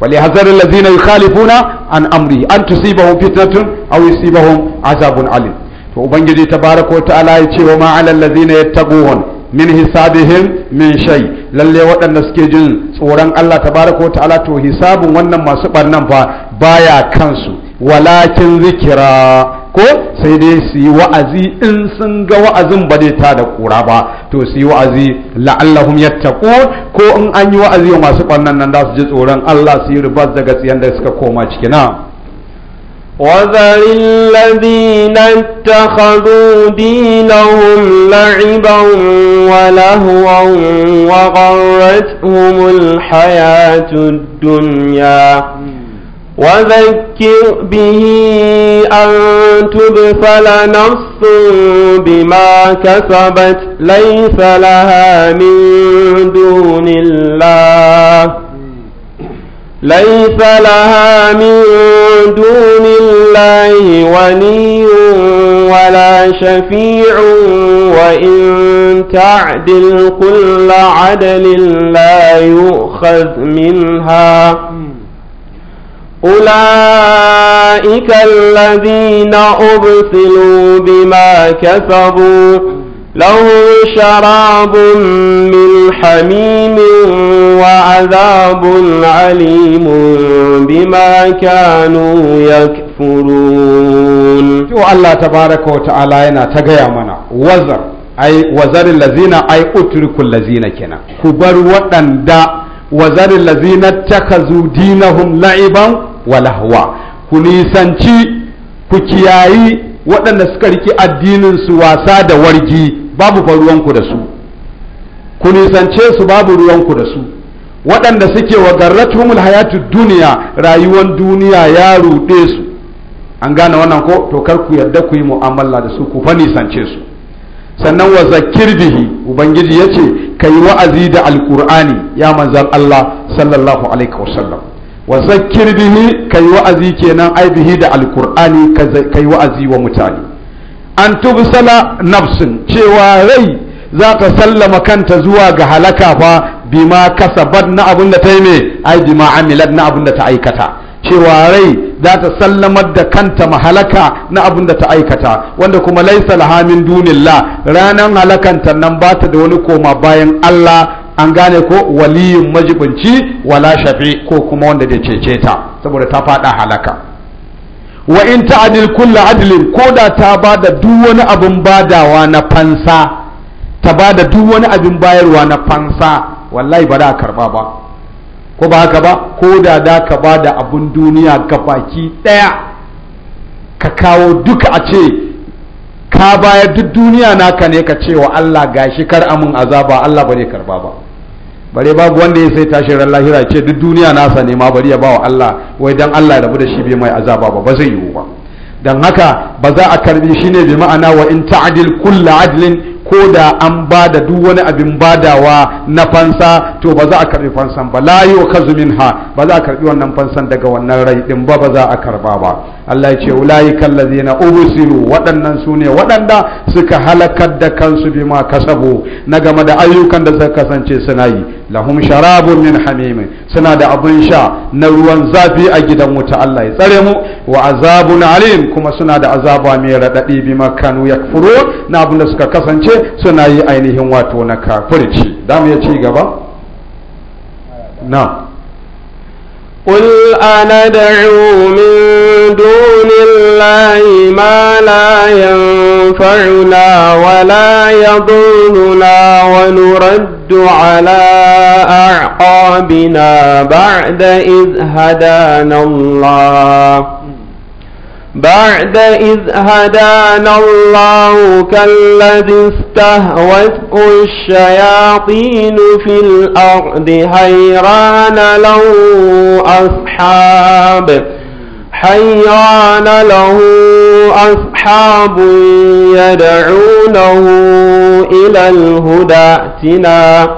wali hazarin lazina yukhalifuna an amri an tusibahum fitnatun aw yusibahum azabun alim to ubangiji tabaraka wa ta'ala ya ce wa ma alal ladina yattaquhun min hisabihim min shay lalle waɗanda suke jin tsoron Allah tabaraka wa ta'ala to hisabun wannan masu barnan fa baya kansu walakin zikira ko sai dai su yi wa'azi in sun ga wa'azin ba zai ta da kura ba to su yi wa'azi la'allahum yattaqu ko in an yi wa'azi wa masu barnan nan za su ji tsoron Allah su yi rubar daga tsiyan da suka koma cikin na وذل الذين اتخذوا دينهم لعبا ولهوا وغرتهم الحياة الدنيا وذكر به أن تبفل نفس بما كسبت ليس لها من دون الله ليس لها من دون الله ولي ولا شفيع وإن تعدل كل عدل لا يؤخذ منها أولئك الذين أبصلوا بما كسبوا له شراب من حميم وعذاب عليم بما كانوا يكفرون تو الله تبارك وتعالى ينا تغيا منا وزر أي وزر الذين أي أترك الذين كنا كبر وطن دا وزر الذين اتخذوا دينهم لعبا ولهوا كنيسانتي كياي waɗanda suka rike addinin su wasa da wargi babu fa ruwanku da su ku nisance su babu ruwanku da su waɗanda suke wa garratumul hayatu duniya rayuwar duniya ya ruɗe su an gane wannan ko to kar ku yarda ku yi mu'amala da su ku fa nisance su sannan wa zakir bihi ubangiji yace kai wa'azi da alqur'ani ya manzan Allah sallallahu alaihi wasallam wa zakkir bihi kai wa'azi kenan ai bihi da alqur'ani kai wa'azi wa mutane an tubsala nafsin cewa rai za ta sallama kanta zuwa ga halaka fa bima kasabat na abin da ta yi mai, ai bima amilat na abin da ta aikata cewa rai za ta sallamar da kanta mahalaka na abin da ta aikata wanda kuma laisa lahamin dunillah ranan halakanta nan ba ta da wani koma bayan Allah an gane ko waliyin majibinci wala shafi ko kuma wanda da cece ta saboda ta fada halaka wa in adil kullu adlin ko da ta bada duk wani abin badawa na fansa ta bada duk wani abin bayarwa na fansa wallahi ba da karba ba ko ba haka ba ko da da ka bada abun duniya gabaki daya ka kawo duka a ce ka bayar duk duniya naka ne ka ce wa Allah gashi kar amin azaba Allah ba zai karba ba bare babu wanda ya sai tashin ran lahira ce duk duniya nasa ne ma bari ya bawa Allah wai dan Allah ya rabu da shi bai mai azaba ba ba zai yiwu ba dan haka ba za a karbi shi ne bi ma'ana wa in ta'dil kullu adlin ko da an ba da duk wani abin badawa na fansa to ba za a karbi fansan ba la yu'khazu ba za a karbi wannan fansan daga wannan rai din ba ba za a karba ba Allah ya ce ulaika allazina ubsiru waɗannan sune waɗanda suka halakar da kansu ma kasabu na game da ayyukan da suka kasance suna yi lahum sharabun min hamim suna da abin sha na ruwan zafi a gidan wuta Allah ya tsare mu wa azabun alim kuma suna da azaba mai radadi bima kanu yakfurun na abin da suka kasance suna yi ainihin wato na kakurici. Da mu ya ci gaba? Na. Kullanadar mu min duniya na yi mana ya faru na Wana ya Wani raddu ala arka bina ba da isa بعد إذ هدانا الله كالذي استهوته الشياطين في الأرض حيران له أصحاب حيران له أصحاب يدعونه إلى الهدى ائتنا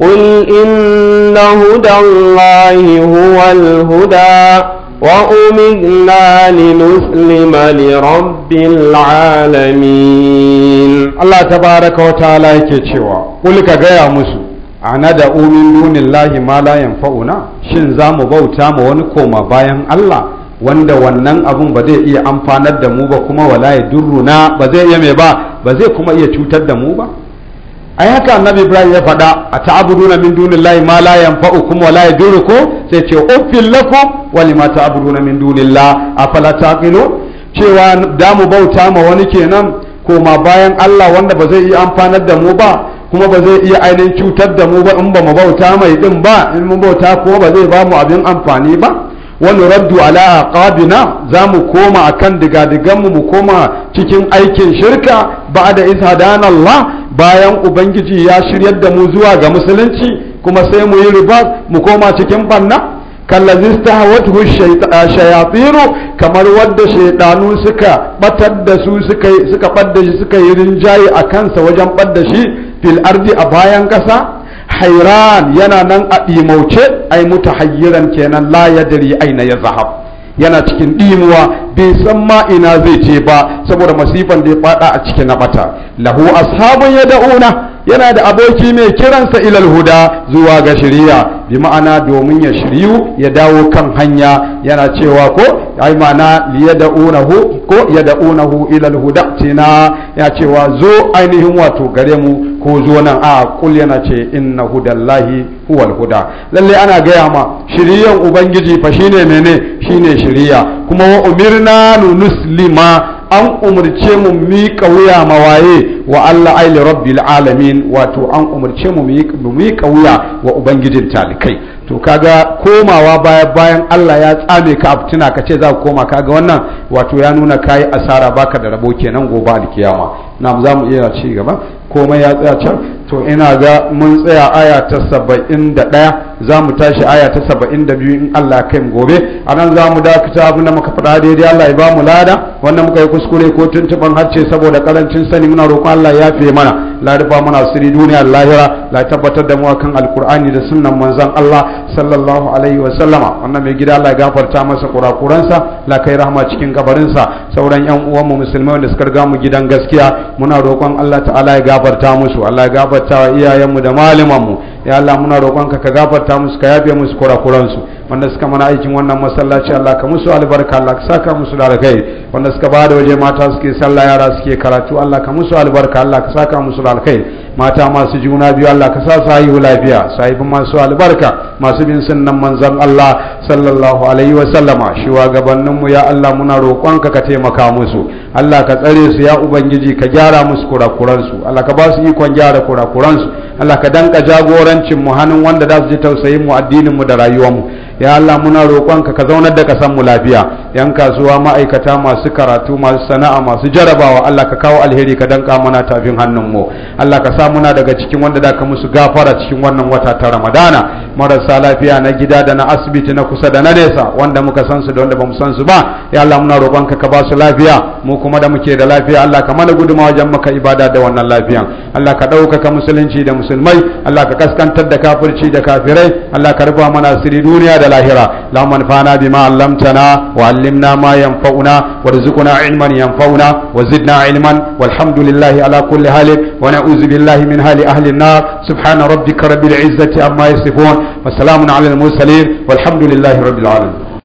قل إن هدى الله هو الهدى وأمرنا لنسلم لرب العالمين الله تبارك وتعالى يكتشوا قل كغيا مسو أنا دا أؤمن دون الله ما لا ينفعنا شن زامو بوتا ونكوما باين الله wanda wannan abun ba zai iya amfanar da mu ba kuma wala ya durruna ba zai iya mai ba ba zai kuma iya cutar da mu ba yi haka annabi ibrahim ya faɗa a ta'abuduna min dunillahi ma la yanfa'ukum wa la yadurukum sai ce uffil lakum wa lima ta'abuduna min dunillah afala taqilu cewa da mu bauta ma wani kenan koma bayan Allah wanda ba zai iya amfanar da mu ba kuma ba zai iya ainihin cutar da mu ba in ba mu bauta mai din ba in mu bauta kuma ba zai ba mu abin amfani ba wani raddu ala aqabina za mu koma akan digadiganmu mu koma cikin aikin shirka ba da ishadan Allah bayan ubangiji ya shiryar da mu zuwa ga musulunci kuma sai mu yi ribas mu koma cikin banna kallazi stahawathu shayatiru kamar wadda shaydanu suka batar da su suka suka badda shi suka yi rinjaye a kansa wajen badda shi fil ardi a bayan kasa hairan yana nan a ɗimauce ai mutu mutahayyiran kenan la yadri aina ya zahab yana cikin ɗimuwa bai san ma ina zai ce ba saboda masifan da ya faɗa a cikin na bata lahu ashabun yad'una yana da aboki mai kiransa ilal huda zuwa ga shari'a bi ma'ana domin ya shiryu ya dawo kan hanya yana cewa ko ai ma'ana unahu ko unahu ilal huda tina ya cewa zo ainihin wato gare mu ko zo nan a kul yana ce inna hudallahi huwal huda lalle ana gaya ma shiryan ubangiji fa shine mene shine shiriya kuma wa umirna nuslima an umarce mu miƙa wuya mawaye wa Allah li rabbil alamin wato an umarce mu miƙa wuya wa ubangijin talikai to kaga komawa baya bayan Allah ya tsame ka aftuna ka ce za ka koma kaga wannan wato ya nuna kayi asara baka da rabo kenan gobe alkiyama na za mu iya ci gaba komai ya tsaya can to ina ga mun tsaya aya ta saba'in da ɗaya za mu tashi aya ta saba'in da biyu in Allah kai gobe a nan za mu dakata abin da muka faɗa daidai Allah ya ba mu lada wanda muka yi kuskure ko tuntuɓan harce saboda ƙarancin sani muna roƙon Allah ya fiye mana larifa muna siri duniya lahira la tabbatar da mu akan alkur'ani da sunnan manzon Allah sallallahu alaihi wa sallama wannan mai gida Allah ya gafarta masa kurakuransa la kai rahama cikin kabarinsa sauran yan uwan mu musulmai wanda suka ga mu gidan gaskiya muna roƙon Allah ta'ala ya gafarta musu Allah ya gafarta wa iyayen mu da malaman mu ya Allah muna roƙon ka ka gafarta gafarta musu ka yafe musu su wanda suka mana aikin wannan masallaci Allah ka musu albarka Allah ka saka musu da alkhairi wanda suka bada waje mata suke sallah yara suke karatu Allah ka musu albarka Allah ka saka musu da alkhairi mata masu juna biyu Allah ka sa su haihu lafiya sahibin masu albarka masu bin sunnan manzon Allah sallallahu alaihi wa sallama shugabanninmu ya Allah muna roƙonka ka ka taimaka musu Allah ka tsare su ya ubangiji ka gyara musu su Allah ka ba su ikon gyara kurakuransu Allah ka danka jagorancin mu hannun wanda za su ji tausayin mu addinin mu da rayuwar mu ya Allah muna roƙonka ka zaunar da kasan mu lafiya yan kasuwa ma'aikata masu karatu masu sana'a masu jarabawa Allah ka kawo alheri ka danka mana tafin hannun mu Allah ka sa muna daga cikin wanda da ka musu gafara cikin wannan wata ta Ramadana marasa lafiya na gida da na asibiti na kusa da na nesa wanda muka san su da wanda bamu san su ba ya Allah muna roƙonka ka ba su lafiya mu kuma da muke da lafiya Allah ka mana guduma wajen maka ibada da wannan lafiyan Allah ka ɗaukaka musulunci da musulmai Allah ka kaskantar da kafirci da kafirai Allah ka rufa mana asiri duniya da lahira اللهم انفعنا بما علمتنا وعلمنا ما ينفعنا وارزقنا علما ينفعنا وزدنا علما والحمد لله على كل حال ونعوذ بالله من حال أهل النار سبحان ربك رب العزة عما يصفون وسلام على المرسلين والحمد لله رب العالمين